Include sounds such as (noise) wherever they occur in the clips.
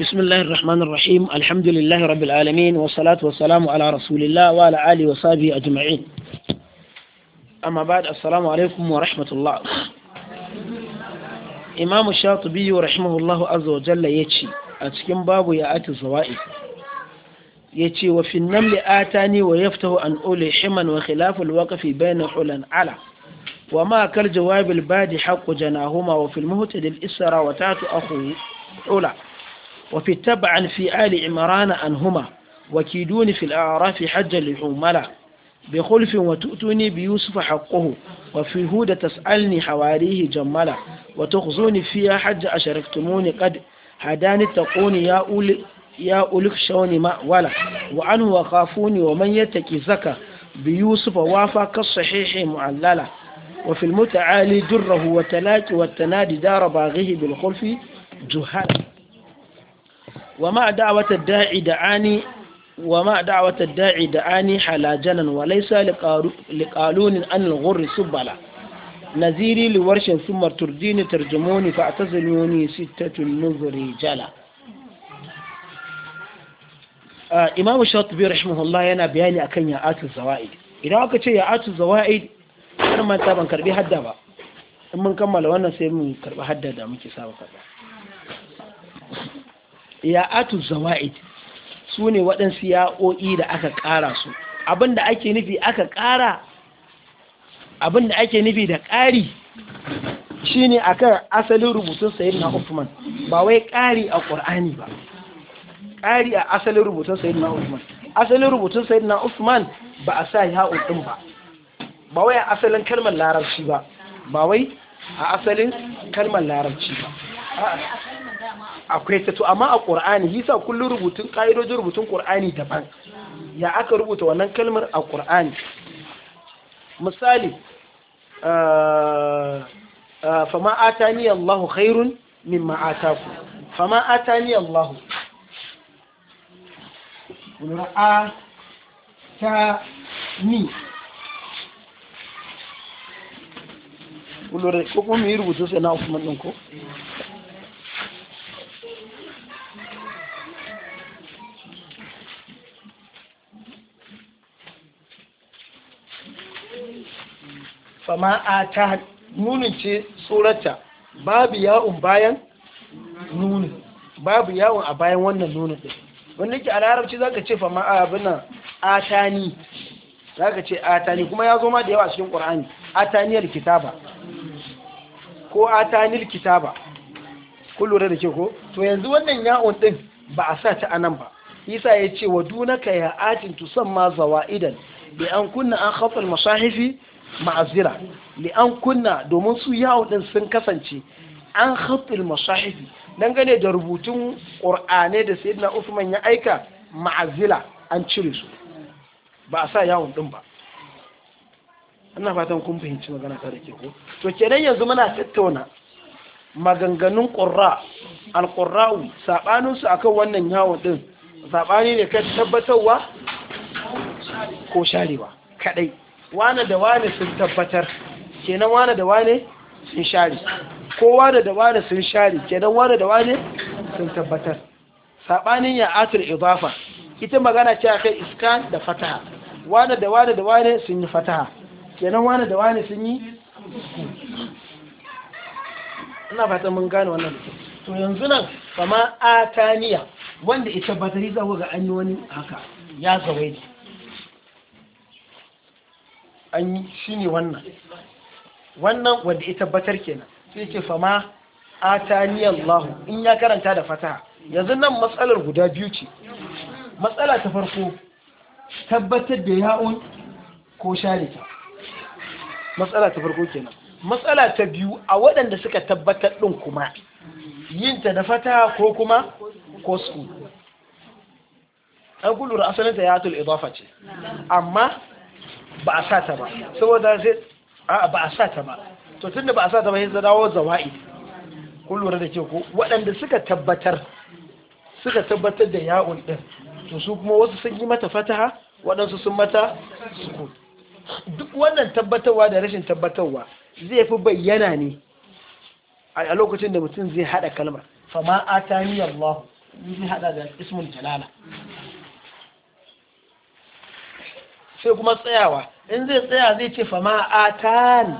بسم الله الرحمن الرحيم الحمد لله رب العالمين والصلاة والسلام على رسول الله وعلى آله وصحبه أجمعين أما بعد السلام عليكم ورحمة الله إمام الشاطبي رحمه الله عز وجل يتشي أتكم باب يأتي الزوائف يتشي وفي النمل آتاني ويفته أن أولي حما وخلاف الوقف بين حلا على وما كالجواب الباد حق جناهما وفي المهتد الإسرى وتات أخوه علا وفي التبع في آل عمران أنهما وكيدون في الأعراف حجا لحملا بخلف وتؤتوني بيوسف حقه وفي هود تسألني حواريه جملا وتخزوني فيها حج أشركتموني قد هداني تقوني يا أولي يا شوني ما مأولا وعنه وخافوني ومن يتكي زكا بيوسف وافا كالصحيح معللا وفي المتعالي جره وتلات والتنادي دار باغيه بالخلف جهال وما دعوة الداعي دعاني وما دعوة الداعي دعاني حلاجنا وليس لقالون أن الغر سبلا نزيري لورش ثم ترديني ترجموني فاعتزلوني ستة النظر جلا آه إمام الشاطبي رحمه الله ينا بياني أكن يا آت الزوائد إذا أكتش يا آت الزوائد har mata ban karbi hadda ba in mun kammala wannan sai mun karbi hadda da muke saba karba ya atu zawaid su ne waɗansu ya'o'i da aka ƙara su abinda ake nufi aka ƙara abinda ake nufi da ƙari shine akan asalin rubutun sayyidina Uthman ba wai ƙari a Qur'ani ba ƙari a asalin rubutun sayyidina Uthman asalin rubutun sayyidina Uthman ba a sa ya'o'in ba ba wai a asalin kalmar larabci ba ba wai a asalin kalmar larabci ba akwai ta to amma a ƙur'ani sa kullum rubutun ƙa'idojin rubutun ƙur'ani daban ya aka rubuta wannan kalmar a ƙur'ani misali eh, eh, fama ni Allahu khairun fa ataku fama ni Allahu ra'a ta ni kullure ko kuma mu yi rubutu sai na kuma din ko fama a ta nunin ce tsorata babu yawon bayan nunin babu yawon a bayan wannan nunin ɗin wanda ke a larabci za ka ce fama a abinan atani za ka ce atani kuma ya zo ma da yawa cikin ƙwar'ani ataniyar kitaba ko atanil kitaba ku lura da ke ko to yanzu wannan ya'un din ba a sa ta anan ba isa ya ce wa dunaka ya atin tusamma zawaidan bi an kunna an khafa masahifi ma'azira li an kunna domin su ya'un din sun kasance an khafa masahifi gane da rubutun qur'ane da sayyidina usman ya aika ma'azila an cire su ba a sa yawon din ba ina fatan kun fahimci magana ta da ke ko to kenan yanzu muna tattauna maganganun ƙurra sabanin saɓaninsu akan wannan yawon ɗin saɓani ne kai tabbatarwa ko sharewa kaɗai wane da wane sun tabbatar kenan wane da wane sun share Ko wane da wane sun share kenan wane da wane sun tabbatar saɓanin ya atul idafa ita magana ce akan iskan da fataha wane da wane da wane sun yi fataha kenan wani da wani sun yi ina fatan mun gane wannan da to yanzu nan kama ataniya wanda ita batari za ga an yi wani haka ya zawai an yi shi ne wannan wannan wanda ita batar kenan sai ce fama ataniya Allahu, in ya karanta da fataha yanzu nan matsalar guda biyu ce matsala ta farko tabbatar da ya'un ko da ta matsala ta farko kenan matsala ta biyu a waɗanda suka tabbatar ɗin kuma yinta da fata ko kuma ko su an kullura ta ya atul idafa ce amma ba a sa ta ba saboda sai a ba a sa ta ba to tunda ba a sa ta ba sai dawo zawa'i kun da ke ko waɗanda suka tabbatar suka tabbatar da ya'un din to su kuma wasu sun yi mata fataha waɗansu sun mata sukun duk wannan tabbatarwa da rashin tabbatarwa zai fi bayyana ne a lokacin da mutum zai hada kalmar fama atani Allah zai hada da ismun jalala sai kuma tsayawa in zai tsaya zai ce fama ni,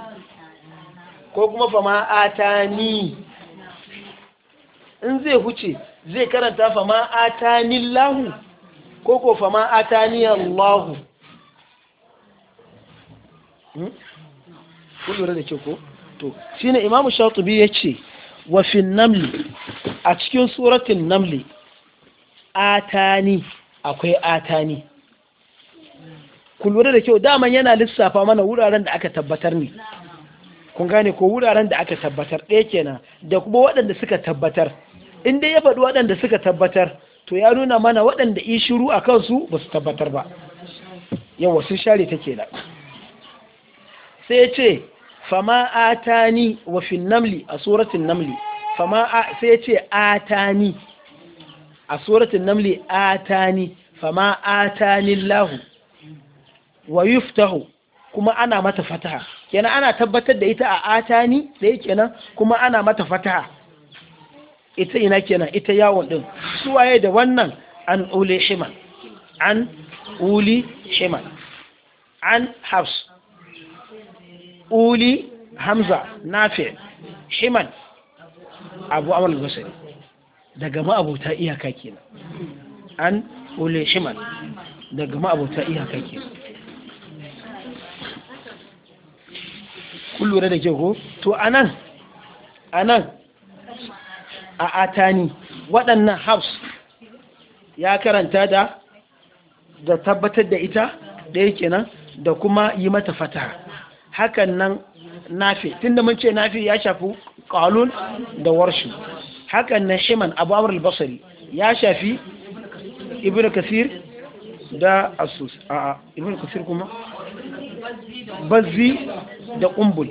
ko kuma fama ni? in zai huce zai karanta fama ni lahu ko ko fama ni Allahu Hmm? lura da ke ko to shine imamu biyu ya ce wa fin namli a cikin suratun namli atani akwai atani ku lura da kyau daman yana lissafa mana wuraren da aka tabbatar ne kun gane ko wuraren da aka tabbatar ɗaya kenan da kuma waɗanda suka tabbatar in dai ya faɗi waɗanda suka tabbatar to ya nuna mana waɗanda ishiru a kansu ba su tabbatar ba Yau sun share ta kenan sai ce fama atani wa fin namli a suratin namli fama sai ce atani a suratin namli atani fama atani lahu wa yuftahu kuma ana mata fataha kenan ana tabbatar da ita a atani yake kenan kuma ana mata fataha ita ina kenan ita yawon ɗin suwaye da wannan an uli shiman an uli shiman an hafsu uli hamza nafi himan abu amal basari daga ma'abuta iyaka kenan an uli himan daga ma'abuta iyaka kenan kun lura da ke to anan anan a atani waɗannan habs ya karanta da da tabbatar da ita ɗaya kenan da kuma yi mata fataha hakan nan nafi tunda mun ce nafi ya shafi qalun da warshi hakan nan shiman abu amr al-basri ya shafi ibnu kasir da asus a ibnu kasir kuma bazzi da qumbul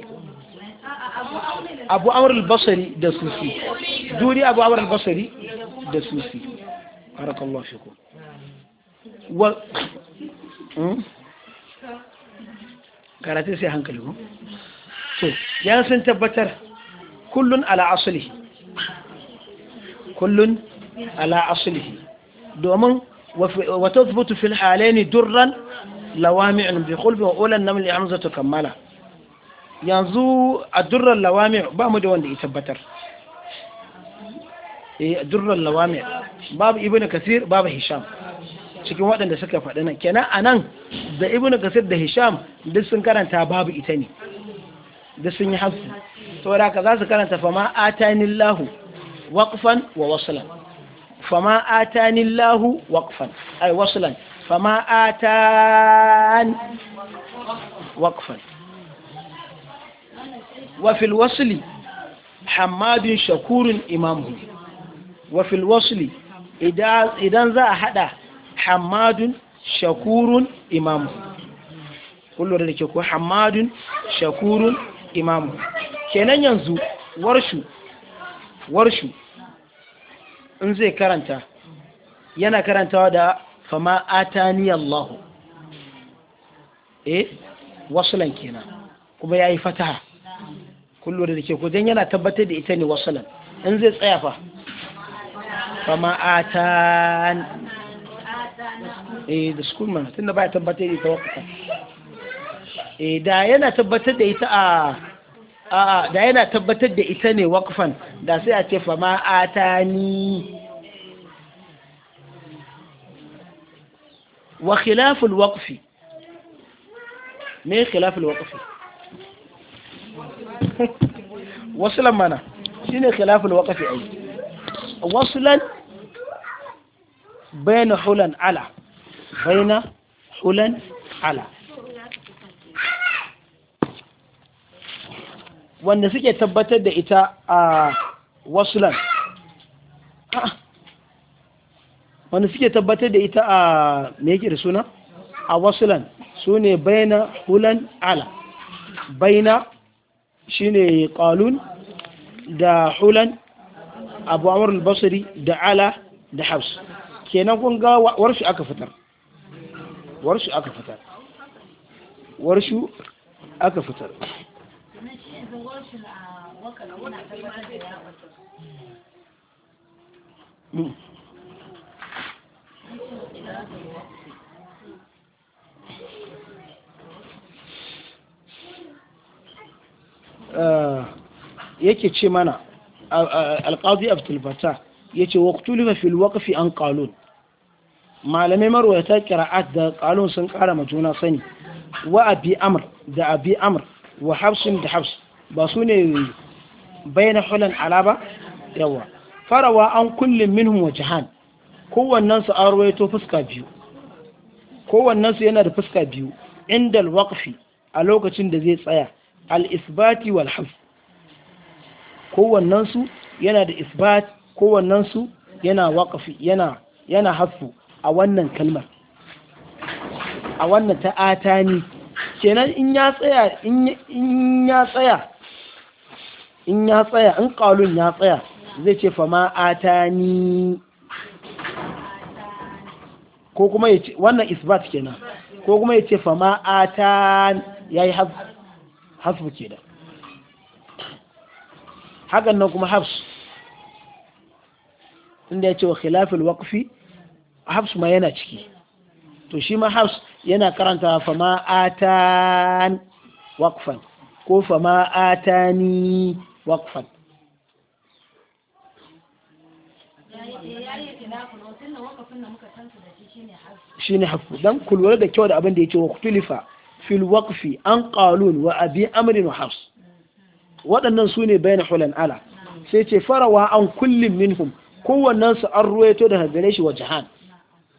abu amr al-basri da susi duri abu amr al-basri da susi barakallahu fikum wa hmm? karatu sai hankali ko to yan sun tabbatar kullun ala aslihi kullun ala aslihi domin wa tathbutu fil halaini durran lawami'un bi khulbi wa ulan namli hamzatu kammala yanzu a durran lawami ba mu da wanda ya tabbatar eh durran lawami babu ibnu kasir babu hisham cikin waɗanda suka faɗi nan kenan a nan da ibn kasir da hisham duk sun karanta babu ita ne duk sun yi hafsu saboda ka za su karanta fama atanillahu waqfan wa waslan fama atanillahu waqfan ay waslan fama atan waqfan wa fil wasli hamadun shakurun imamu wa fil wasli idan za a hada hamadun shakurun imamu kullum da ke ko hamadun shakurun imamu kenan yanzu warshu warshu in zai karanta yana karantawa da fama atani Allah eh wasulan kenan kuma yayi fataha kullu da ke ko dan yana tabbatar da ita ne wasulan in zai tsaya fa fama atani eh da sukun mana tunda ya tabbatar da ita eh da yana tabbatar da ita a a da yana tabbatar da ita ne wakfan da sai a ce fa ma atani wa khilaful waqfi me khilaful waqfi (laughs) wasulan mana shine khilaful waqfi ai wasulan baina hulan ala baina hulan ala wanda suke tabbatar da ita a wasulan wanda suke tabbatar da ita a me suna a wasulan su ne baina hulan ala baina shine qalun da hulan abu amur al da ala da habs kenan kun ga warshu aka fitar warshu aka fitar warshu eh, aka fitar yake ce mana alƙazi abdulbata ya ce waktulifa fil waƙafi an ƙalun malamai marwayata kira'at da ƙalun sun kara ma juna sani wa abi amr da abi amr wa hafsin da hafs ba su ne bayan hulan alaba yawa farawa an kullum minhum wa jihan kowannen su an ruwaito fuska biyu kowannen yana da fuska biyu inda alwaqfi a lokacin da zai tsaya al-isbati wal hafs kowannen su yana da Isbati. kowannen su yana waqfi yana yana hafu a wannan kalmar a wannan ta atani kenan in ya tsaya in ya tsaya in ya tsaya in kalun ya tsaya zai ce fama atani ko kuma ya ce wannan isbat kenan ko kuma ya ce fama ya yayi hasbu kenan hakan nan kuma habs tunda ya ce wa khilafin waƙufi. hafs ma yana ciki to shi ma hafs yana karanta fama atan waqfan ko fama atani waqfan shi ne hafu don kulwar da kyau da abin da ya ce wa kutulifa fil waqfi an qalun wa abi amrin wa hafs waɗannan su ne bayan hulan ala sai ce farawa an kullum minhum kowannan su an ruwaito da hadare shi wa jihan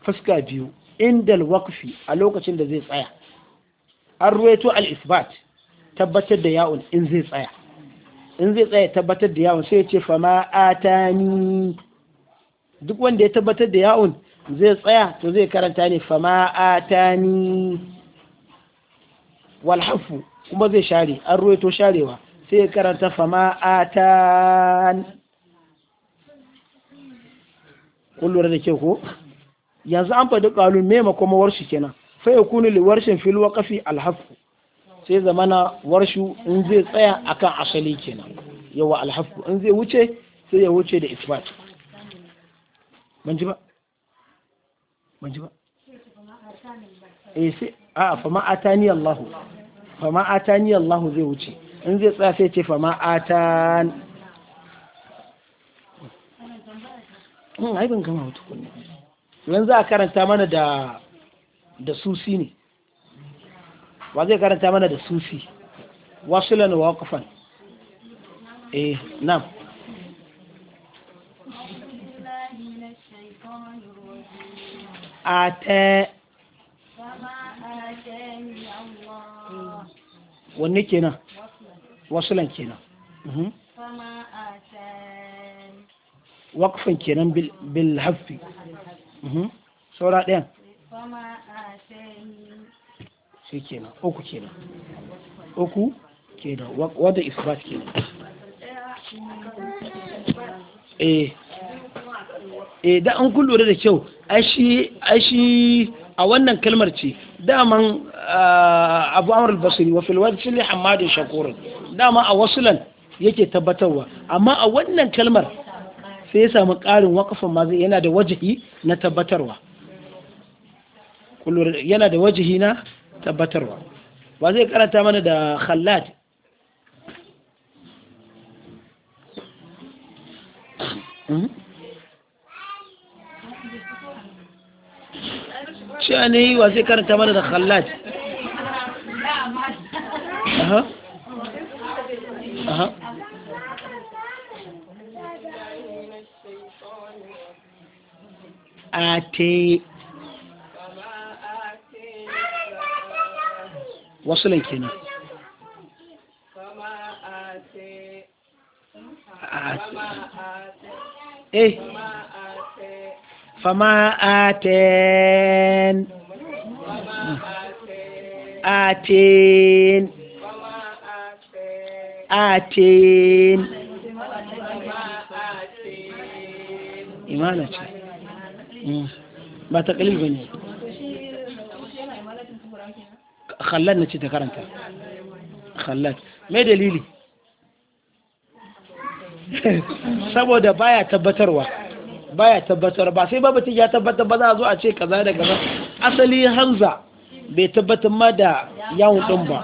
fuska biyu inda alwakfi a lokacin da zai tsaya an ruwaito al-isbat tabbatar da yawon in zai tsaya in zai tsaya tabbatar da yawon sai ya ce fama atani duk wanda ya tabbatar da yawon zai tsaya to zai karanta ne fama atani walhafu kuma zai share an ruwaito sharewa sai ya karanta fama atan kullum da ke ko yanzu an faɗi ƙalu me makoma warshi kenan fa ya kunu li warshin fil waqfi al hafu sai zamana warshu in zai tsaya akan asali kenan yawa al hafu in zai wuce sai ya wuce da isbat ban ji ba ban ji ba eh sai a fa ma atani Allah fa ma atani Allah zai wuce in zai tsaya sai ce fa ma atan hmm, ai ban gama wata kunna yanzu a karanta mana da da susi ne wa zai karanta mana da susi lana wa kafan eh nam ata wanne kenan wasilan kenan mhm. wakfan kenan bil hafi Mhm. saura ɗayan shi kenan uku kenan uku kenan wadda isbat kenan eh eh da an kun da kyau ashi a wannan kalmar ce daman abu amur basiri wa filwar cili hamadin shakurin dama a wasulan yake tabbatarwa amma a wannan kalmar sai ya samu ƙarin waƙafan ma zai yana da wajihi na tabbatarwa yana da wajihi na tabbatarwa ba zai karanta mana da khallad mhm. cewa ne yi wa zai karanta mana da khallad aha aha ati wasulin kenan eh fama aten aten aten imana ce Eh, ba ta kalil ba ne khallat na ce ta karanta khallat mai dalili (laughs) saboda baya tabbatarwa baya tabbatar ba sai babu ya tabbatar ba za a zo a ce kaza da kaza asali hamza bai tabbatar ma da yawon din ba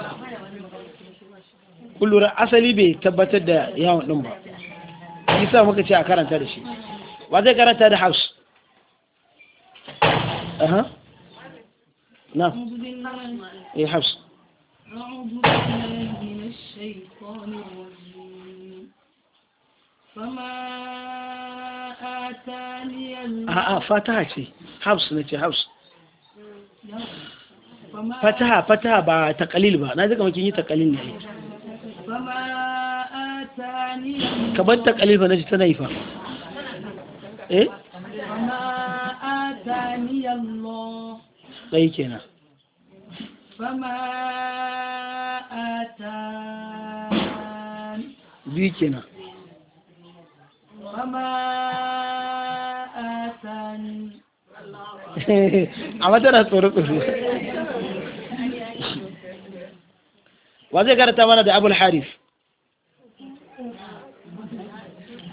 kullura asali bai tabbatar da yawon din ba yasa muka ce a karanta da shi wa zai karanta da hafs أها نعم إيه حفص أعوذ بالله من الشيطان الرجيم فما آتاني الله آه آه حفص نتي حفص fataha fataha ba takalil ba na zaka makin yi takalil ne ka bar takalil ba na yi fa eh? هداني الله ليكنا طيب فما آتان بيكنا فما آتان (laughs) عمد أنا صورة وذكر تمانا ده أبو الحارث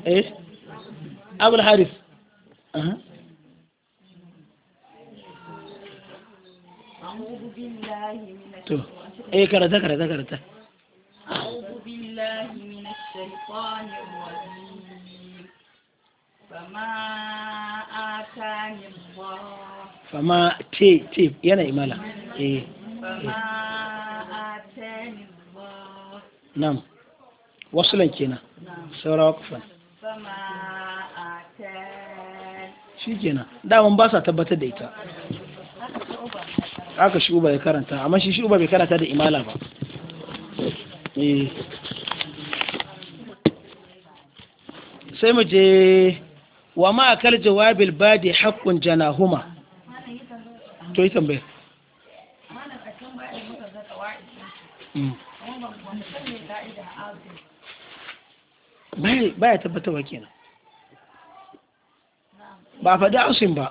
إيش أبو الحارث to e karata karata karata a'udhu billahi minash fama atanim te yana imala eh fama atanim wa nam kenan saura wakufan fama atan shi kenan ba sa tabbatar da ita aka shi uba ya karanta amma shi shi uba bai karanta da imala ba eh. sai mu je wa ma akal jawabil badi haqqun janahuma to yi tambaye hmm. baya tabbatarwa kenan ba a faɗi ausin ba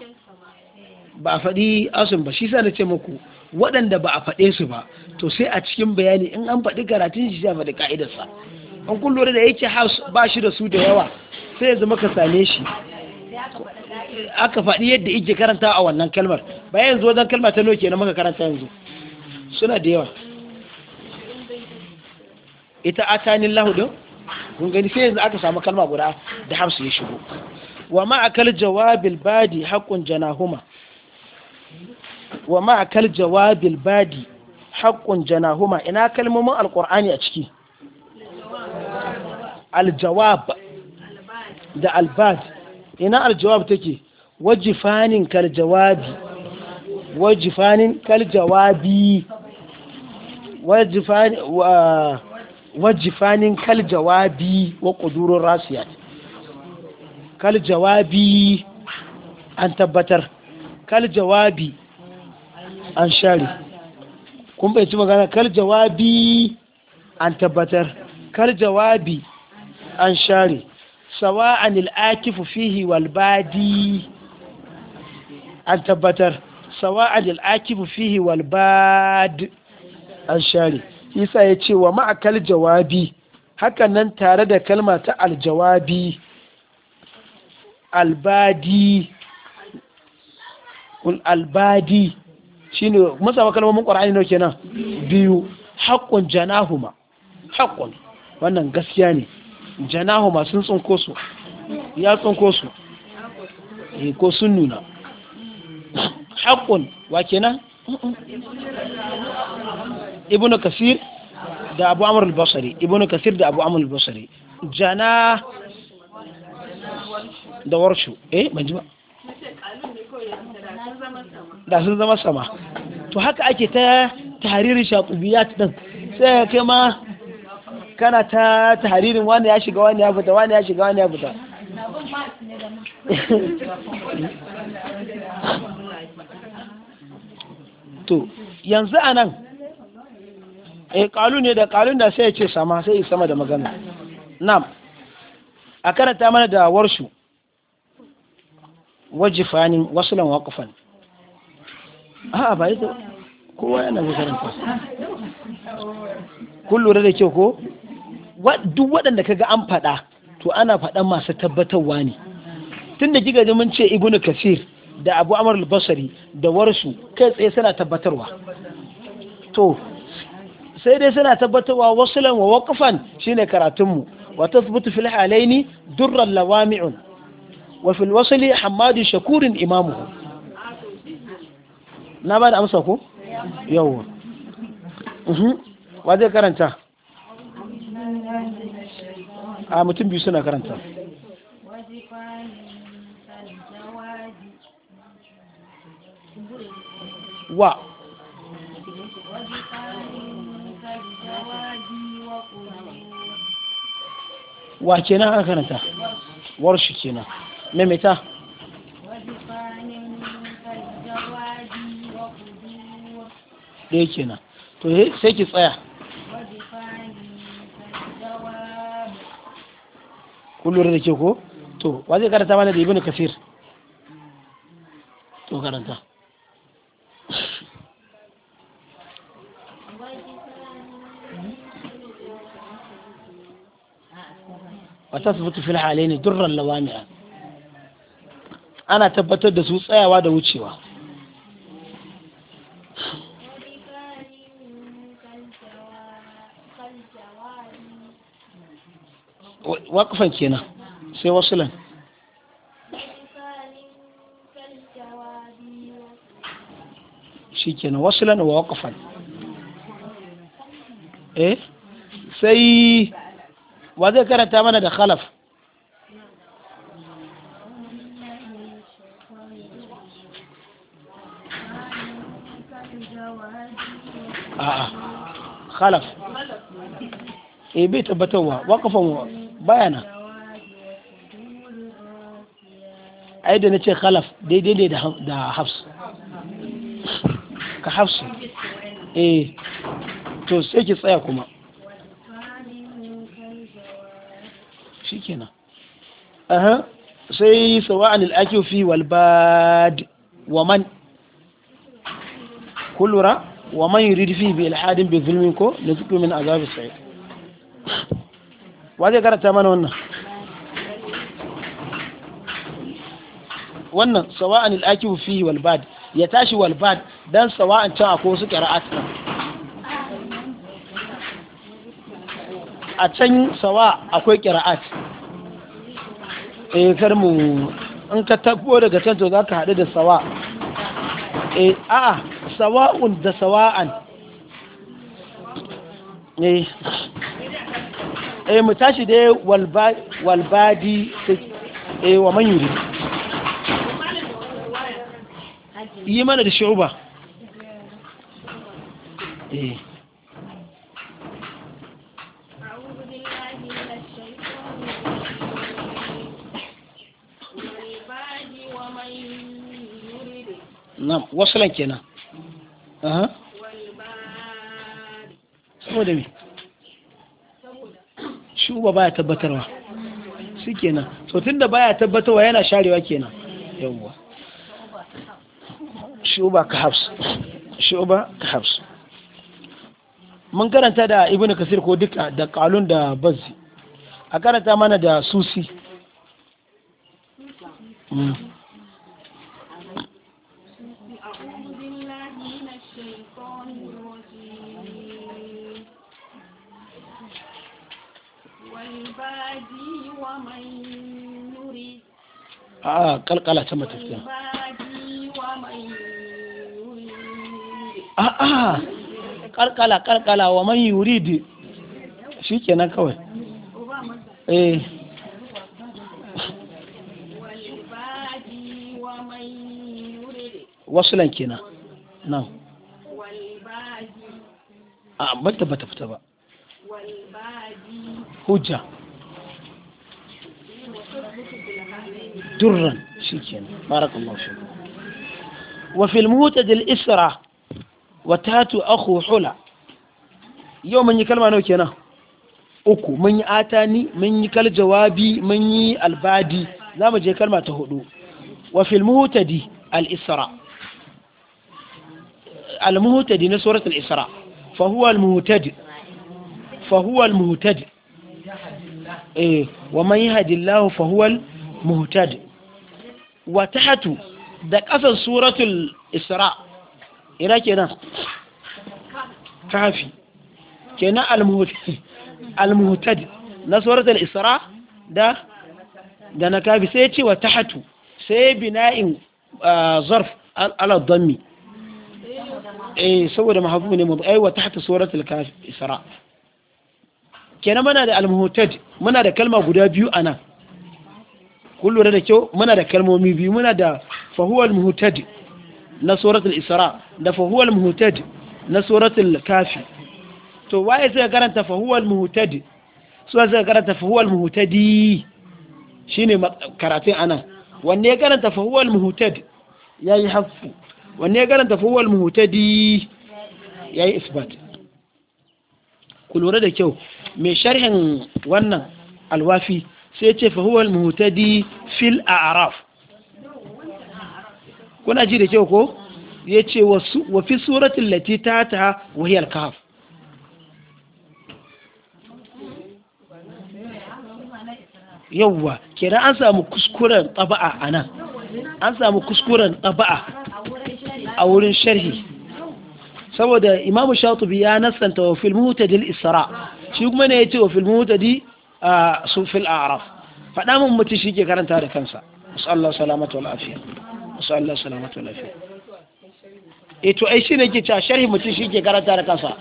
ba a faɗi asun ba shi sa na ce muku waɗanda ba a faɗe su ba to sai a cikin bayani in an faɗi karatun shi sai a faɗi ka'idarsa an kun lura da yake house ba shi da su da yawa sai ya zama ka same shi aka faɗi yadda ike karanta a wannan kalmar ba yanzu wajen kalmar ta noke na maka karanta yanzu suna da yawa ita atanin lahudin kun gani sai yanzu aka samu kalma guda da hamsu ya shigo wa ma'akal jawabil badi haƙƙun janahuma wa ma kal jawabil badi haƙƙun janahuma ina kalmomin Alƙur'ani a ciki aljawab da albad ina aljawab take wajifanin kal wajifanin kal jawabi wajifanin kal jawabi wa qudurur rasiyat kal jawabi an tabbatar kal jawabi an share kun bai ci magana kar jawabi an tabbatar Kar jawabi an share sawa'an al'akifu fihi wal badi an tabbatar sawa'an al'akifu fihi wal bad an share isa ya ce wa ma'akal jawabi hakan nan tare da kalma ta aljawabi albadi albadi shine mun samu kalmomin qur'ani nawa kenan biyu haqqun janahuma haqqun wannan gaskiya ne janahuma sun tsinko su ya tsinko su eh ko sun nuna haqqun wa kenan ibnu kasir da abu amr al-basri ibnu kasir da abu amr al-basri jana da warshu eh manjima ji ba da sun zama sama to haka ake ta tahririn shaqubiyat din sai kai ma kana ta tahririn wani ya shiga wani ya fita wani ya shiga wani ya fita to yanzu anan eh kalu ne da kalun da sai ya ce sama sai ya sama da magana na'am a karanta mana da warshu wajifanin wasulan wakufan. a'a ba ita kowa yana makaranta kun lura da kyau ko duk waɗanda kaga an faɗa to ana faɗan masu tabbatarwa ne tun da kiga mun ce ibnu kasir da abu amar basari da warsu kai tsaye suna tabbatarwa to sai dai suna tabbatarwa wasulan wa waqfan shine karatunmu wa tathbutu fil alaini durran lawami'un wa fil hamadu shakurin imamuhu na ba da amsa ko yawa mhm. wa zai karanta a mutum biyu suna karanta wa wa kenan aka karanta warshi kenan maimaita ɗaya kenan to sai ki tsaya ku lura da ke ko to wa zai karanta mana da ibnu kafir to karanta wata su fito fil halaini durran lawami'a ana tabbatar da su tsayawa da wucewa wakufan kenan sai wasu lan shi kenan lan wa wakufan eh sai wa zai karanta mana da khalaf خلف يبيت إيه بتوه وقفوا بيانا عيد نتي خلف دي دي دي دا حفص (laughs) كحفص ايه تو سيكي سايا كما شكينا اها سي سواء الاكيو في والباد ومن كل رأى wa man yurid fi bi ilhadin bi zulmin ko na nuzuqu min azab sa'id wa zai karanta mana wannan wannan sawa'an al-akibu fihi wal bad ya tashi wal bad dan sawa'an can akwai wasu qira'at a can sawa akwai qira'at eh kar mu in ka tabo daga can to zaka hadu da sawa eh a'a sawa'un da sawa'an ne eh. eh mu tashi dai walbadi eh wa man yuri yi mana da shuba eh Nam, wasu kenan. aha saboda me shi baya tabbatarwa shi kenan so tunda baya tabbatarwa yana sharewa kenan yawwa shi ka hafs shi ka hafs mun karanta da ibnu kasir ko duka da kalun da bazzi a karanta mana da susi Mm. kalkala ta matafiya a'a kalkala kalkala wa man ke shikenan kawai eh wasulan kenan nan a bata bata fita ba hujja durran shikenan barakallahu wa fil mutaj al isra wa tatu akhu hula yau mun yi kalma nawa kenan uku mun yi atani mun yi kal jawabi mun yi albadi zamu je kalma ta hudu wa fil mutadi al isra al mutadi na surat al isra fa huwa al mutadi fa huwa al mutadi eh wa man yahdi Allah fa huwa al muhtadi wa tahatu da ƙasan suratul isra ira kenan kafi kenan al-muhtad (laughs) na suratul isra da da na kafi sai ce wa tahatu sai bina'in zarf ala dhammi eh saboda mahfuz ne mu aiwa wa tahatu suratul isra kenan muna da al-muhtad muna da kalma guda biyu anan kun lura da kyau muna da kalmomi biyu muna da fahuwal muhutad na suratul isra da fahuwal muhutad na suratul kafi to waye zai karanta fahuwal muhutad su zai karanta fahuwal muhutadi shine karatun anan wanne karanta fahuwal muhutad yayi hafu wanne karanta fahuwal muhutadi yayi isbat ku lura da kyau me sharhin wannan alwafi sai ce fa huwa al-muhtadi fil a'raf kuna ji da kyau ko yace wa fi suratul lati tata wa hiya al-kahf an samu kuskuren taba'a nan? an samu kuskuren taba'a a wurin sharhi saboda imamu shatubi ya nasanta wa fil muhtadi isra shi kuma ne ce wa fil muhtadi sufil araf faɗa min mutum shi ke karanta da kansa wasu Allah salamatu wa lafiya wasu Allah salamatu wa lafiya e to ai shi ne ke cewa sharhi mutum shi ke karanta da kansa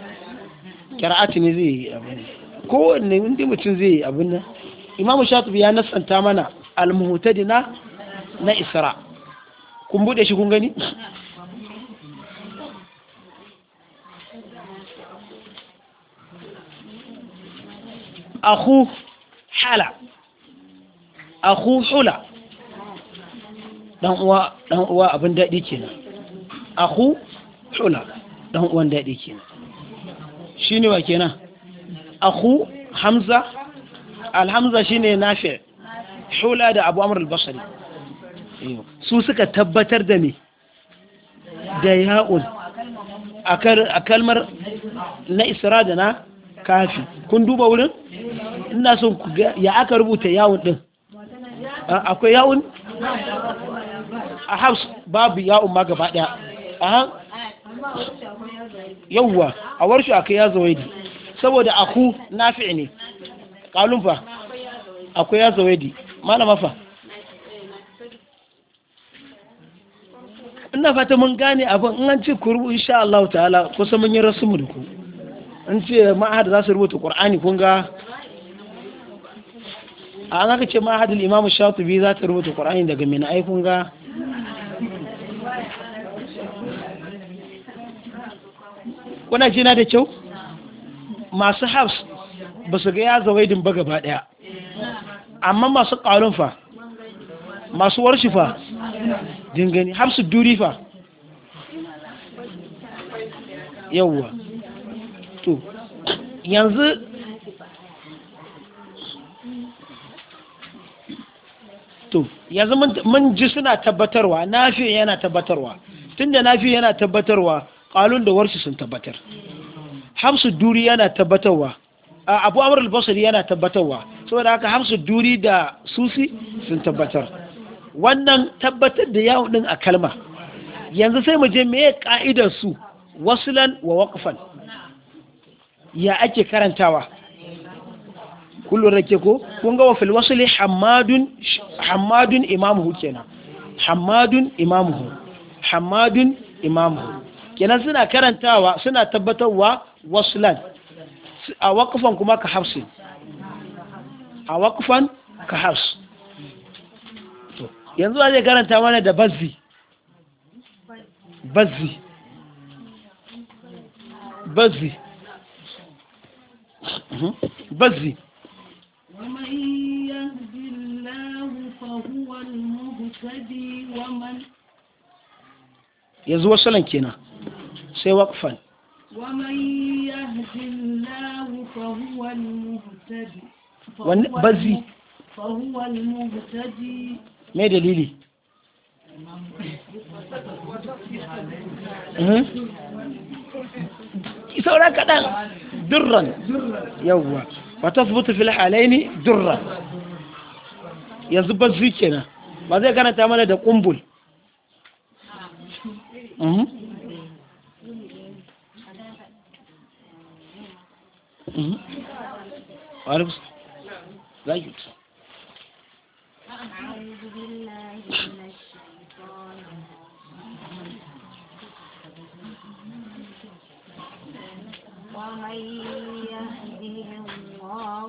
kira'ati ne zai yi abin kowanne inda mutun zai yi abin nan imamu shatibi ya nasanta mana Al muhtadina na isra kun bude shi kun gani أخوه hala a hula dan uwa abin daɗi kenan akhu hula dan uwan daɗi kenan shine wa kenan akhu hamza alhamza shine nafi hula da abu amur al-basri su suka tabbatar da ne da ya'ul a kalmar na isra da na kafi kun duba wurin ina son ku ga ya aka rubuta yawun din akwai yawun a haus babu yawun ma gaba daya han yawwa a warshu akai ya zawaidi saboda aku nafi ne kalun fa akwai ya zawaidi malama fa ina fata mun gane abin in an ce ku rubu insha Allah ta'ala kusa mun yi rasu mu da ku an ce ma'ahad za su rubuta Qur'ani kun ga a aka ce ma hadin imam shatubi za ta rubuta qur'ani daga min ai kun ga kuna jina da kyau masu hafs ba su ga ya zawaidin ba gaba daya amma masu ƙalun fa masu warshi fa dingani habs duri fa yawwa to yanzu to yanzu mun ji suna tabbatarwa fi yana tabbatarwa tunda fi yana tabbatarwa kalun da warsu sun tabbatar hamsu duri yana tabbatarwa abu amur al yana tabbatarwa saboda haka hamsu duri da susi sun tabbatar wannan tabbatar da yawon din a kalma yanzu sai mu je mai ka'idar su wasulan wa waqfan ya ake karantawa kullum rake ko kun ga wa wasuli, Hamadun hamadun imamu hu kenan hu Hamadun imamu hu kenan suna karantawa suna tabbatarwa waslan a wakufan kuma ka hafsi a wakufan ka hafsi Yanzu a zai karanta mana da bazzi bazzi bazzi mhm. bazzi ومن يهد الله فهو المهتدي ومن kenan sai waqfan ومن يهد الله فهو المهتدي بزي فهو المهتدي ما دليلي kaɗan durran yawwa وتثبت في الحالين درة يزبط زيكنا ماذا كانت تعمل هذا قنبل ومن يهدي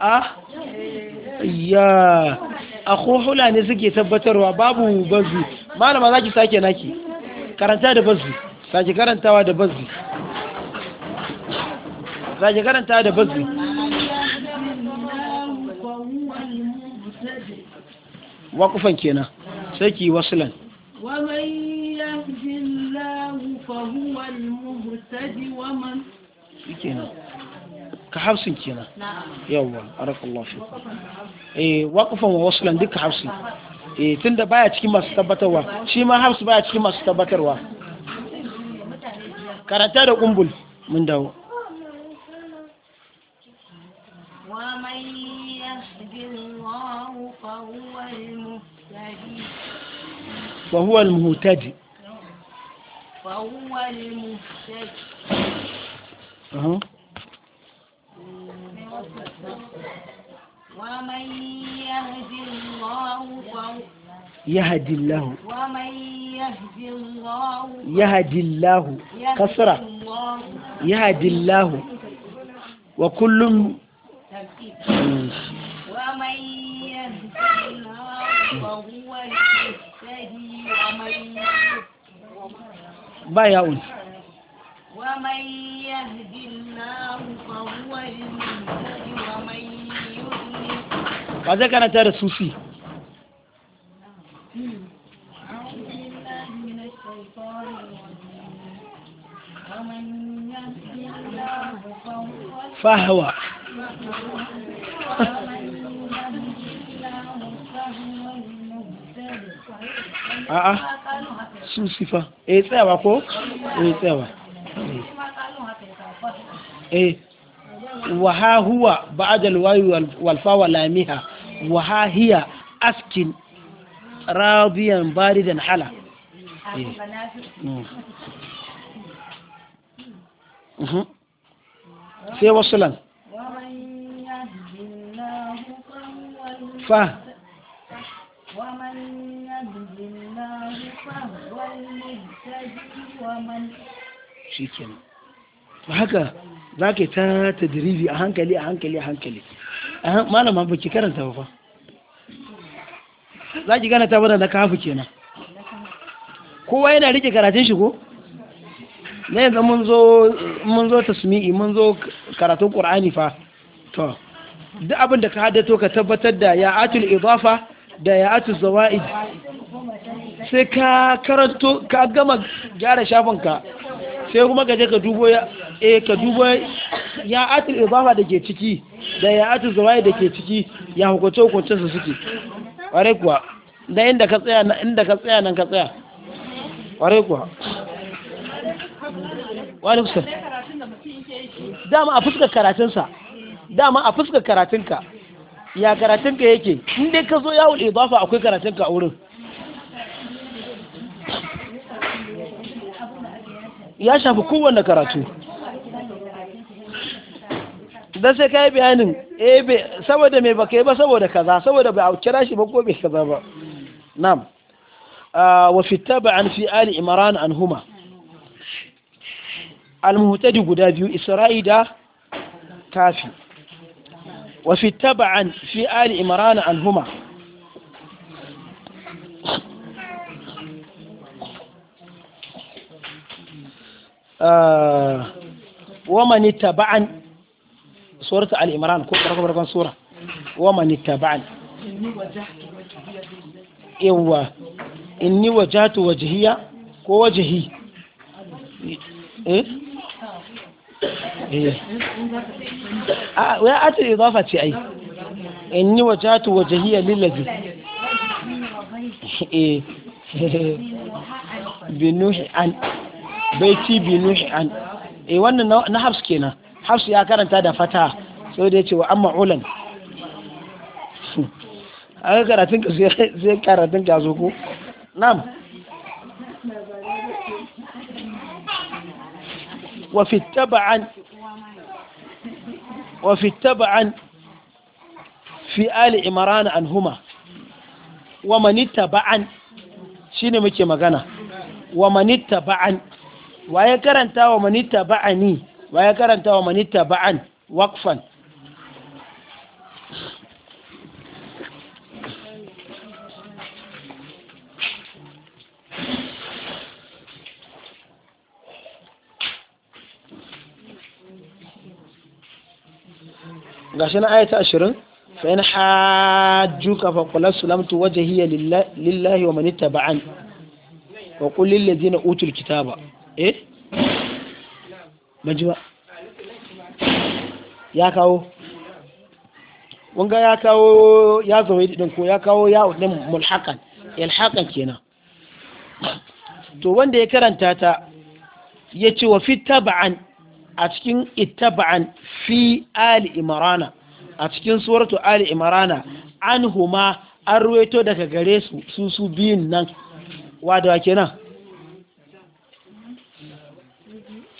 a ya hula ne suke tabbatarwa babu bazzu malama ki sake naki karanta da bazu sake karantawa da bazu sake karanta da bazu wakufan kenan sai ki wasulan ومن يهد ka hafsin kina, yawwa barakallahu fi eh waqfan wa waslan duka hafsi eh tunda baya cikin masu tabbatarwa shi ma hafsu baya cikin masu tabbatarwa karanta da kumbul mun dawo Wa وهو المهتدي فهو المهتدي ومن يهد الله فهو يهدي الله ومن يهدي الله يهدي الله كسرة يهدي الله وكل ومن يهدي الله فهو المهتدي ومن بايعون ومن يهدي الله فهو المهتدي ba zai karanta da sufi فهوى a'a su sifa eh tsayawa ko eh tsayawa eh wa ha huwa ba'da alwayu wal fa wa lamiha وَهَا هِيَ أَسْكِنْ رَابِيًا بَارِدًا حَلَى سيوى السلام فَهْ وَمَنْ يَدْهِ اللَّهُ فَهْ وَالْمُهْتَدِي وَمَنْ ذاك تدريبي أهانك لي أهانك malama ba karanta ba za ki gana tabbata da kafu kenan kowa yana rike karatun shi ko na yanzu mun zo mun zo mun zo karatun qur'ani fa to duk abin da ka haddato ka tabbatar da ya atul idafa da ya atul zawaid sai ka karanto ka gama gyara shafin ka sai kuma ka je ka dubo ya eh ka dubo ya atul idafa da ke ciki da ya atu zawai da ke ciki ya hukunce hukunce su suke ƙware kuwa da inda ka tsaya inda ka tsaya nan ka tsaya ƙware kuwa wani kusa dama a fuskar karatunsa dama a fuskar karatunka ya karatunka yake in dai ka zo yawon idafa akwai karatunka a wurin ya shafi kowanne karatu dan sai kai bayanin eh be saboda me baka yi ba saboda kaza saboda ba a kira shi ba ko bai kaza ba na'am ah, wa fi taba'an fi ali imran anhuma al-muhtadi guda biyu isra'i da kafi wa fi taba'an fi ali imran anhuma ah, wa man taba'an سورة آل عمران كو بركو بركو سورة ومن اتبعني إيوا إني وجهت وجهي كو وجهي إيه إيه آه ويا أتي إضافة أي إني وجهت وجهي للذي (laughs) إيه (laughs) بنوح عن بيتي بنوح عن إيه وانا نحبس كينا hafsu ya karanta da fata sai dai ce wa amma ulan an (laughs) yi karatun ka zai karatun ka ko nam وفي التبع في آل إمران عنهما ومن التبع شين مكي مغانا ومن التبع ويكرن تاو من التبعني wa ya karanta wa manitta ba'an waqfan gashi na ayata ashirin fa in hajjuka fa qul aslamtu wajhiya lillahi wa man ittaba'an wa qul lil ladina utul kitaba eh ji ya kawo wanga ya kawo ya zaune din ko ya kawo ya din mulhakan ilhakan kenan to wanda ya karanta ta ya ce wa fi taba'an a cikin ittaba'an fi ali imrana a cikin suratu ali imrana an huma an ruwaito daga gare su su su biyun nan wadawa kenan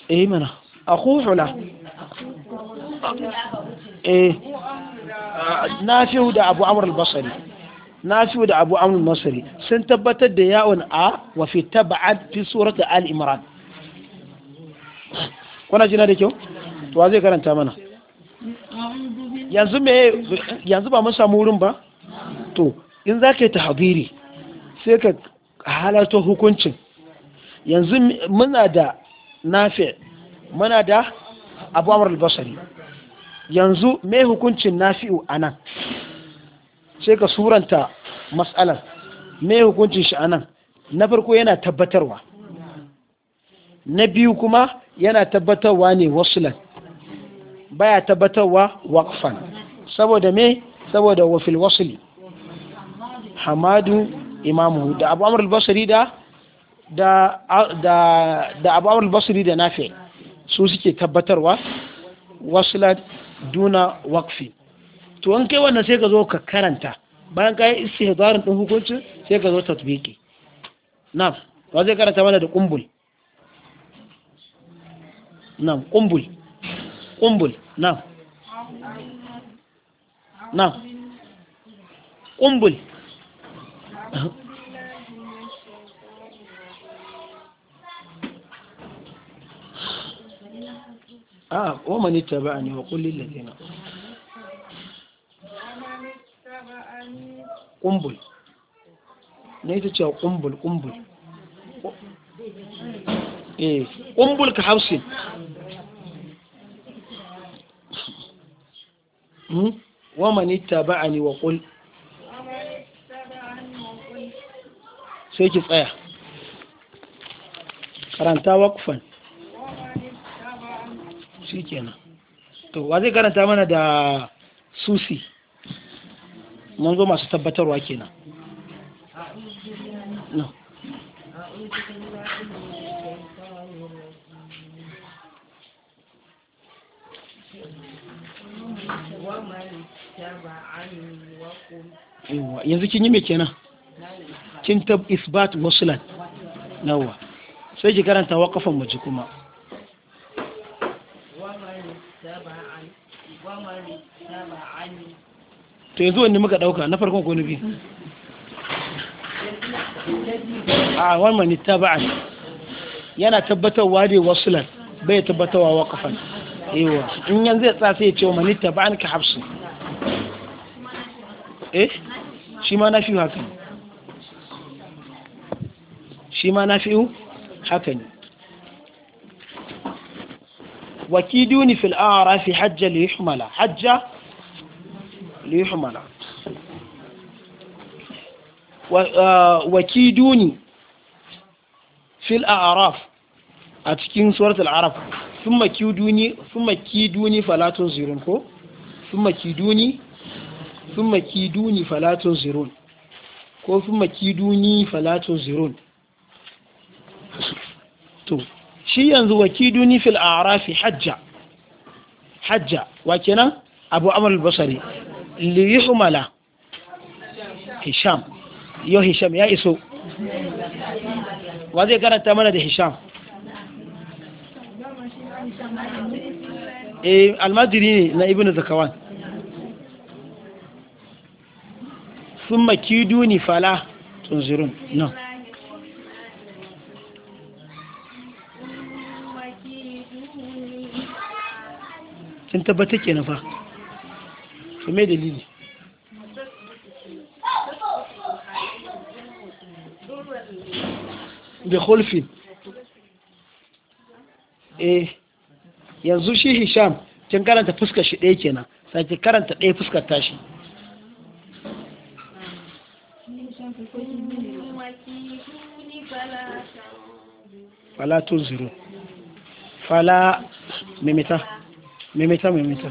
eh mana akhuhula eh nafi'u da abu amr al-basri nafi'u da abu amr al-basri sun tabbatar da ya'un a wa fi tab'ad fi surati al-imran kuna jina da kyau to zai karanta mana yanzu me yanzu ba mun samu wurin ba to in za ka yi tahabiri sai ka halarta hukuncin yanzu muna da nafi muna da abu amur albasari yanzu me hukuncin nafi'u a nan sai ka suranta matsalar me hukuncin shi a nan na farko yana tabbatarwa na biyu kuma yana tabbatarwa ne wasulan baya tabbatarwa wakfan saboda me saboda wafil wasuli hamadu imamu da abu amur albasari da da da abu amur albasari da nafi'u su suke tabbatarwa waslat duna waqfi to an kai wannan sai ka zo ka karanta bayan ka yi istihdarin din hukuncin sai ka zo tatbiki na'am wa zai karanta mana da kumbul na'am kumbul kumbul na'am na'am kumbul آه ومن اتبعني وقل للذين قنبل نيتا تشاو قنبل قنبل ايه قنبل كحبس ومن اتبعني وقل sai ki tsaya karanta wakfan shi kenan to wa zai karanta mana da susi mun zo masu tabbatarwa kenan no. yanzu kin yi mai kenan kin tab isbat musulat nawa sai ki karanta wakafan maji kuma to yanzu wani muka dauka na farkon ko nufi a wani mani ne. yana tabbatarwa wasu wasulan bai tabbatarwa wakafan yiwuwa in yanzu ya tsasa ya ce wa mani taba'an ka hafsu eh shi ma na fi haka shi ma na fi haka ne وكيدوني في الأعراف حجة ليحملة حجة ليحملة آه، وكيدوني في الأعراف أتكين سورة العرب ثم كيدوني ثم كيدوني فلا تنظرون ثم كيدوني ثم كيدوني فلا تنظرون ثم كيدوني فلا تنزرون shi yanzu wakiduni fil arafi hajja hajja wa kenan abu amal basari li yuhmala hisham yo hisham ya iso wa zai karanta mana da hisham eh almajiri ne na ibnu zakawan thumma kiduni fala tunzirun no sun tabbatar ke na fa su mai dalili da holfin eh yanzu shi hisham kin karanta fuskar shi ɗaya kenan sake karanta ɗaya fuskar tashi fala tun zuru fala mimita maimaita maimaita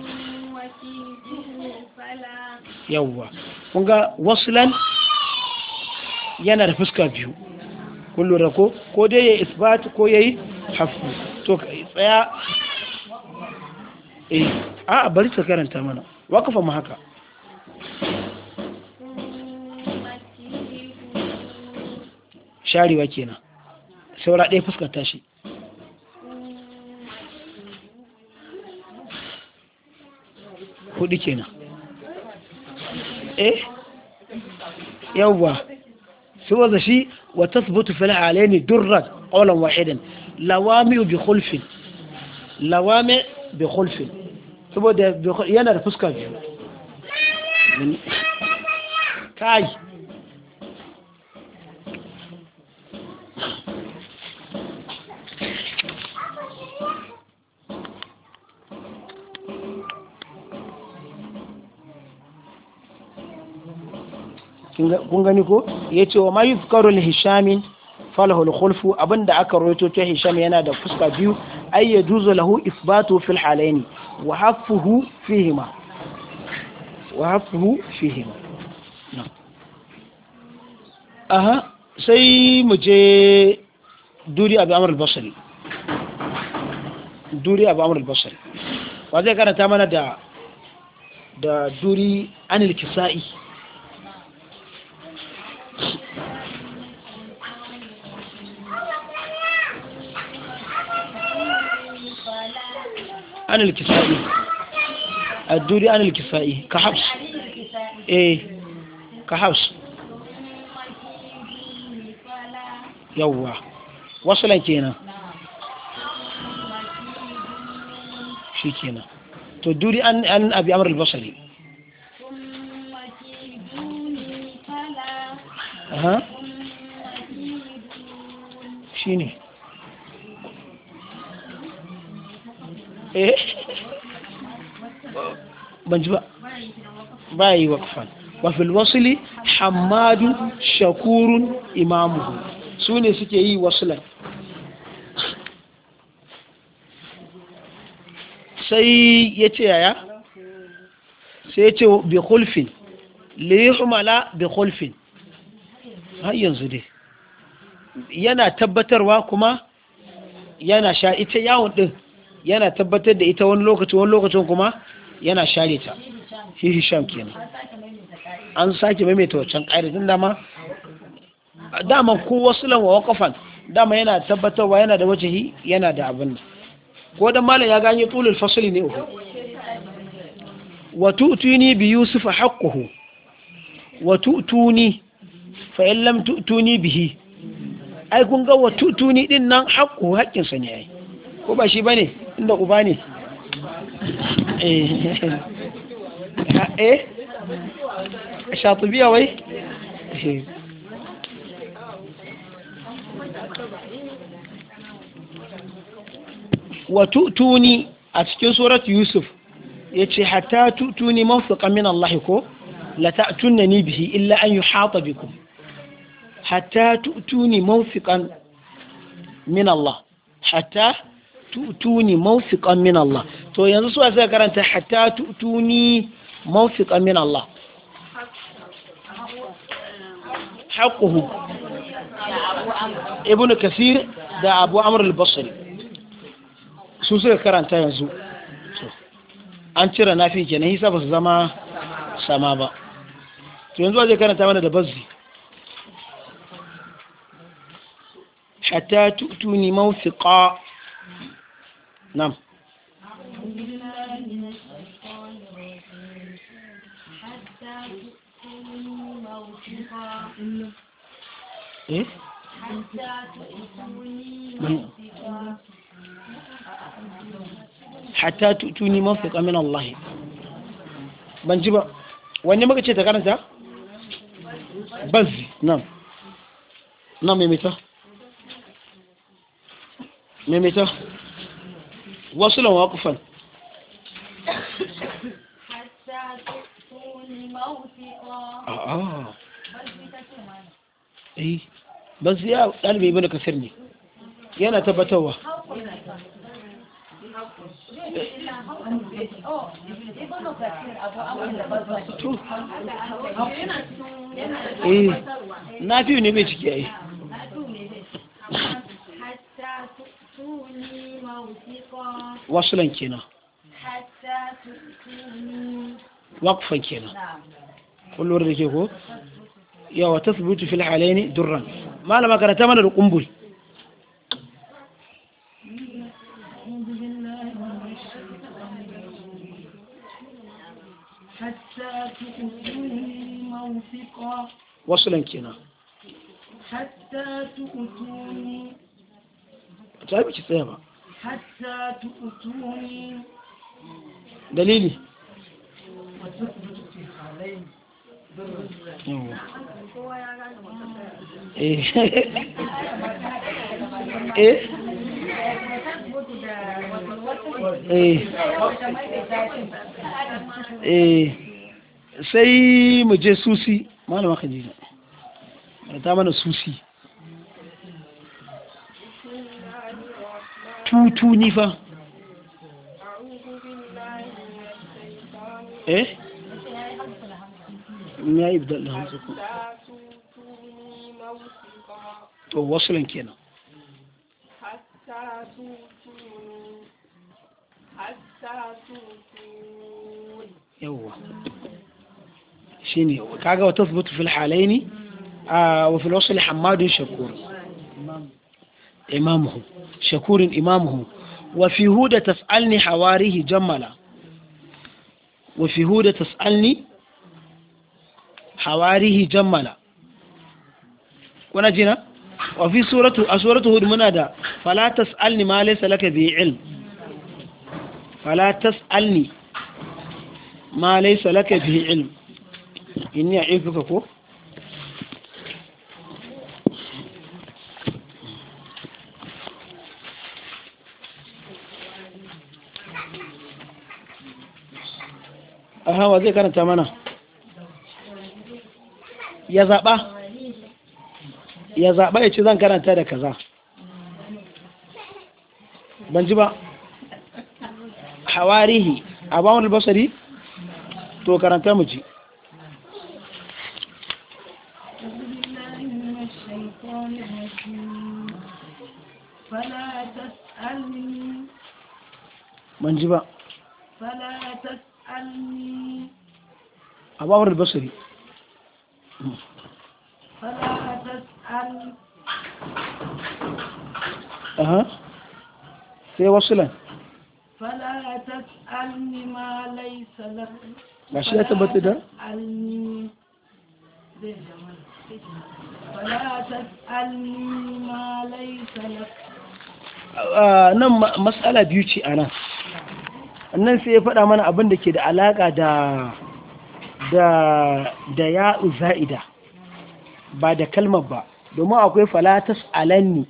yawwa kun ga wasulan yana da fuska biyu kun lura ko ko dai ya isbat ko yayi hafu to tsaya eh a bari ta karanta mana wakafa mu haka sharewa kenan saura ɗaya fuskar tashi hudu kenan eh yawwa saboda shi wa tathbutu fil alaini durran qawlan wahidan lawami bi khulfin lawami bi khulfin saboda yana da fuska biyu kai kun gani ko ya ce wa ma yi karo hishamin falahul khulfu abinda aka roto ta hisham yana da fuska biyu ay juzo lahu isbatu fil halaini wa hafuhu fihima wa hafuhu fihima aha sai mu je duri abu amur al duri abu amur al wa zai karanta mana da da duri anil kisa'i أنا الكفائي الدوري أنا الكفائي كحبس إيه كحبس يوا وصل كينا شي كينا تدوري أن أن أبي أمر البصري aha shi ne eh banji ba ba yi wakfan wa filwasili hamadu shakurun imamu su ne suke yi wasulan sai ya ce yaya sai ya ce bi khulfin li humala bi khulfin har yanzu dai yana tabbatarwa kuma yana sha ita yawon din yana tabbatar da ita wani lokaci wani lokacin kuma yana share ta shi hisham kenan an sake maimaita wancan ƙa'idatun dama dama ku wasu lanwa kafan dama yana tabbatarwa yana da wajahi yana da abin ko dan malam ya ganye tulul fasli ne uku wa tutuni bi yusuf haqquhu wa tutuni fa in lam tu'tuni bihi ai kun ga wa tu'tuni din nan hakku hakkin sa ne ai ko ba shi bane inda uba ne eh (laughs) eh shatubiya wai eh. wa tu'tuni a cikin surat yusuf ya ce hatta tutuni man fuka min Allah ko la ta'tunna ni bihi illa an yuhata bikum hatta tu'tuni mawfiqan min Allah hatta tu'tuni mawfiqan min Allah to yanzu su suka karanta hatta tu'tuni mawfiqan min Allah haquhu ibnu kasir da abu amr al-basri su suka karanta yanzu an cire nafi kenan hisa ba su zama sama ba to yanzu zai karanta mana da bazzi حتى تؤتوني موثقا نعم tutuni mafiƙa min Allah ban ji ba wanne muka ce ta karanta bazzi maimaita wasu lan waƙufan eh, ba su ya ɗalibi ibn kasir ne yana tabbatarwa eh, na fiye ne mai ciki yi. Eh. وصلن كنا وقفا كنا كل ورد كيكو يا وتثبت في العلين درا ما لما كان تمنى القنبل حتى تؤتوني موثقا وصلا كنا حتى تؤتوني طيب، تعبت الثيابة dalili sai mu je susi malama khadija ta mana susi tutuni fa eh ما يبدأ لهم كنا يوه شيني كاغا وتثبت في الحالين آه وفي الوصل حماد شكور imamuhu shakurin imamuhu wa fi huda tas'alni hawarihi jammala wa fi huda tas'alni hawarihi jammala kuna jina wa fi suratu a suratu hud muna da fala tas'alni ma laysa laka bi ilm fala tas'alni ma laysa laka bi ilm inni a'ifuka ko zai karanta mana ya zaba ya zaba ya ce zan karanta da kaza ban ji ba hawarihi a bawon albasari to karanta mu ji ban ji ba abu basiri sai wasu lan ba ya tabbata da nan matsala biyu ce a nan nan sai ya faɗa mana abin da ke da alaƙa da da da za'ida ba da kalmar ba domin akwai falatas alanni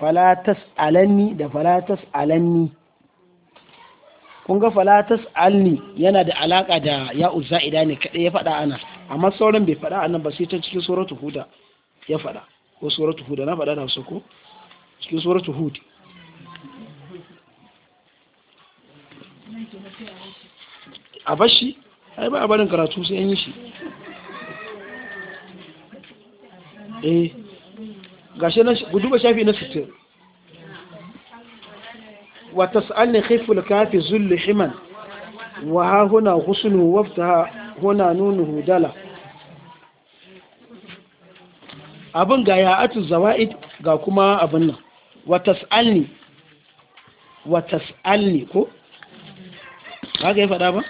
falatas alanni da falatas alanni kun falatas alni yana da alaka da ya za'ida ne kaɗai ya faɗa ana amma sauran bai faɗa anan ba sai ta cikin suratu huda ya faɗa ko suratu huda na faɗa da su ko cikin suratu hud a bashi ai ba a barin karatu sai an yi shi eh gashi nan ku duba shafi na 60 wa tas'alni khiful kafi zul himan wa ha huna husnu wafta huna nunu dala abin ga ya atu zawaid ga kuma abin nan wa tas'alni wa tas'alni ko ba ka faɗa ba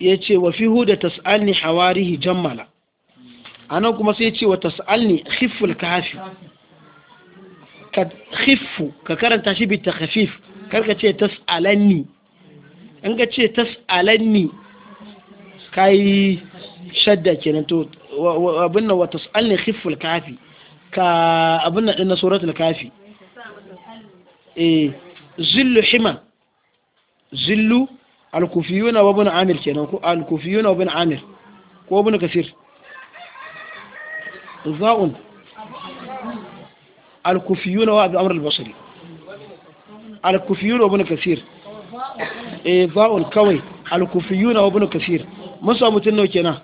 ya ce wa fi huda tas'alni hawarihi jammala anan kuma sai ce wa tas'alni khiful kafi ka khifu ka karanta shi bi khafif karka ce tas'alanni in ka ce tas'alanni kai shadda kenan to abin nan wa tas'alni khiful kafi ka abin nan din na suratul kafi eh zillu himan zillu al wa ibn amir kenan ko al-kufiyuna wa ibn amir ko ibn kasir za'un al wa abu amr al-basri al wa ibn kasir e eh, za'un kawai al wa ibn kasir musa samu mutun nawa kenan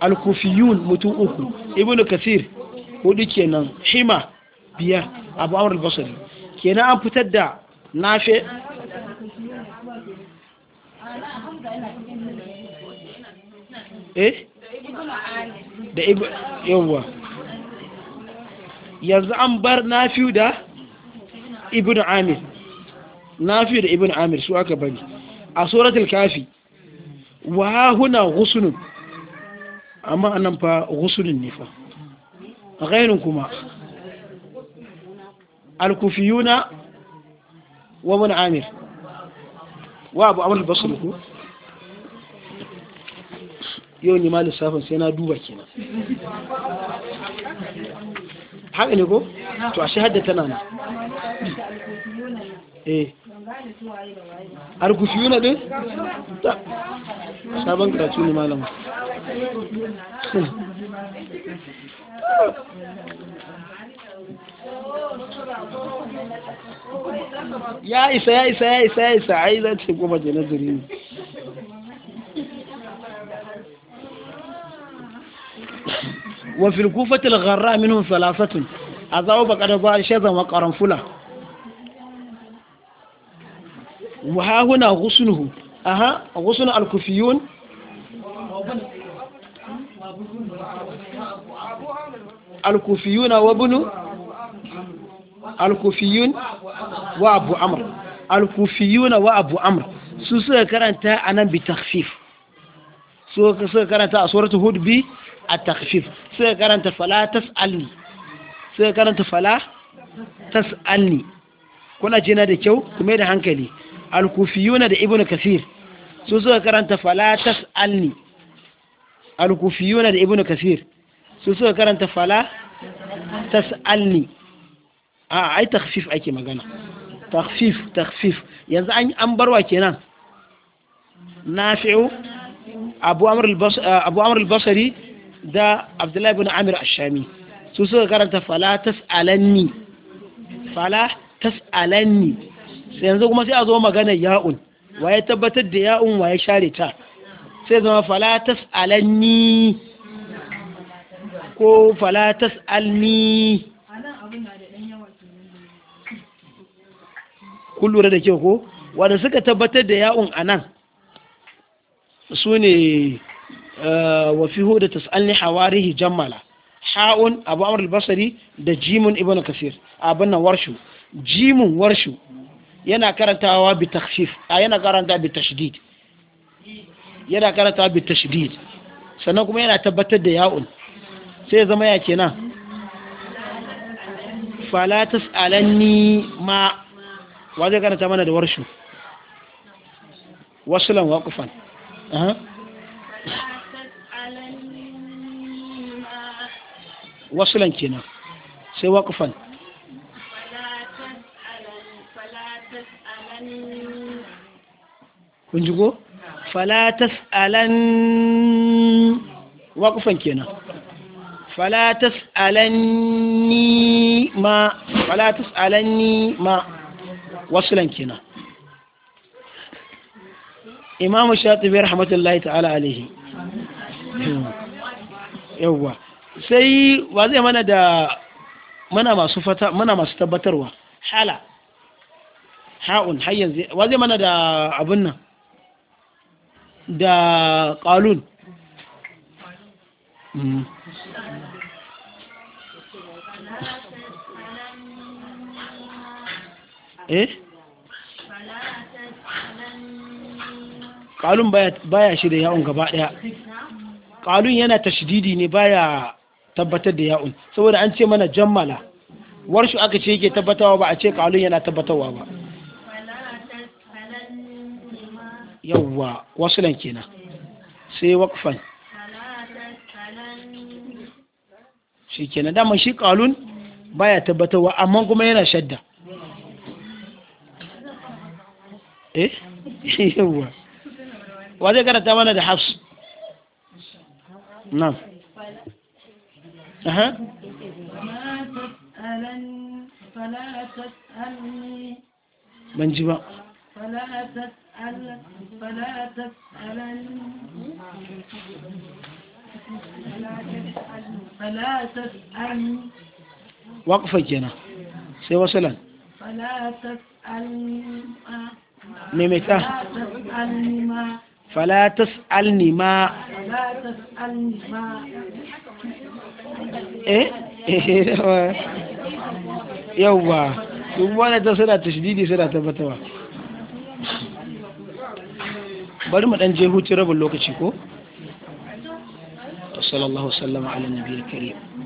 al-kufiyun mutun uku ibn kasir hudu kenan hima biyar abu amr al-basri kenan an fitar da nafe eh da ibu yawwa yanzu an bar nafiyu da da amir nafiyu da da amir su aka bari a suratul kafi wa huna amma anan fa ghusunun ne fa ghairun kuma alkufiyuna wa wani amir wa abu amur basir ku yau ne ma lissafin sai na duba kenan haka ne ko to ashe hadda tana nan eh argufiyuna ta sabon karatu ne malama يا إسا يا إسا يا إسا يا إسا عايزة تشبه ما جنازرين وفي الكوفة الغراء منهم ثلاثة أذعوا بك أدباء شذا وقرنفلة وها هنا غسنه أها غسن الكوفيون الكوفيون وابنه Alkufiyun wa abu amr al wa abu amr su suka karanta anan bi takhfif su suka karanta a suratul hud bi at-takhfif suka karanta fala tasalni suka karanta fala tasalni kuna jina da kyau kuma da hankali Alkufiyuna da ibnu kasir su suka karanta fala tasalni a ai takhfif ake magana takhfif takhfif yanzu an an barwa kenan nafi'u eh, abu amr al-basri da abdullahi ibn amir ash-shami su suka karanta fala tas'alanni fala tas'alanni sai yanzu kuma sai a zo magana ya'un waye tabbatar da ya'un waye share ta sai zama fala tas'alanni ko fala tas'alni kun lura da kyau ko wanda suka tabbatar da ya'un a nan su ne eh, wa da tas'alni hawarihi jammala ha'un abu amur basari da jimun ibn kasir abin nan warshu jimun warshu yana karantawa bi takhfif a yana karanta bi tashdid yana karanta bi tashdid sannan kuma yana tabbatar da ya'un sai ya zama ya kenan fala tas'alanni ma wa zai karanta mana da warshu wasulan waƙufan wasulan kenan sai waƙufan kun ji falatas alan waƙufan kenan falatas alan ni ma falatas alan ni ma wasilan kenan imam shatibi rahmatullahi ta'ala alaihi yawwa sai wa zai mana da mana masu fata mana masu tabbatarwa hala ha'un har yanzu wa zai mana da abun nan da qalun eh kalun baya shi da ya'un gaba daya kalun yana tashdidi ne baya tabbatar da ya'un saboda an ce mana jammala warshu aka ce yake tabbatawa ba a ce kalun yana tabbatawa ba yawwa lanke kenan sai wakfan shi kenan daman shi kalun baya tabbatarwa amma kuma yana shadda إيه هو وذكر تمانة حفص نعم أها فلا تسألني من جبا فلا تسأل فلا تسألني فلا تسألني وقف جنا سي وصلا فلا تسألني maimaita fala alnima eh? (laughs) yauwa eh wane ta wanda ta suna tashdidi suna tabbatawa bari mu dan je hutu rabin lokaci ko sallallahu sallama ala nabiyil karim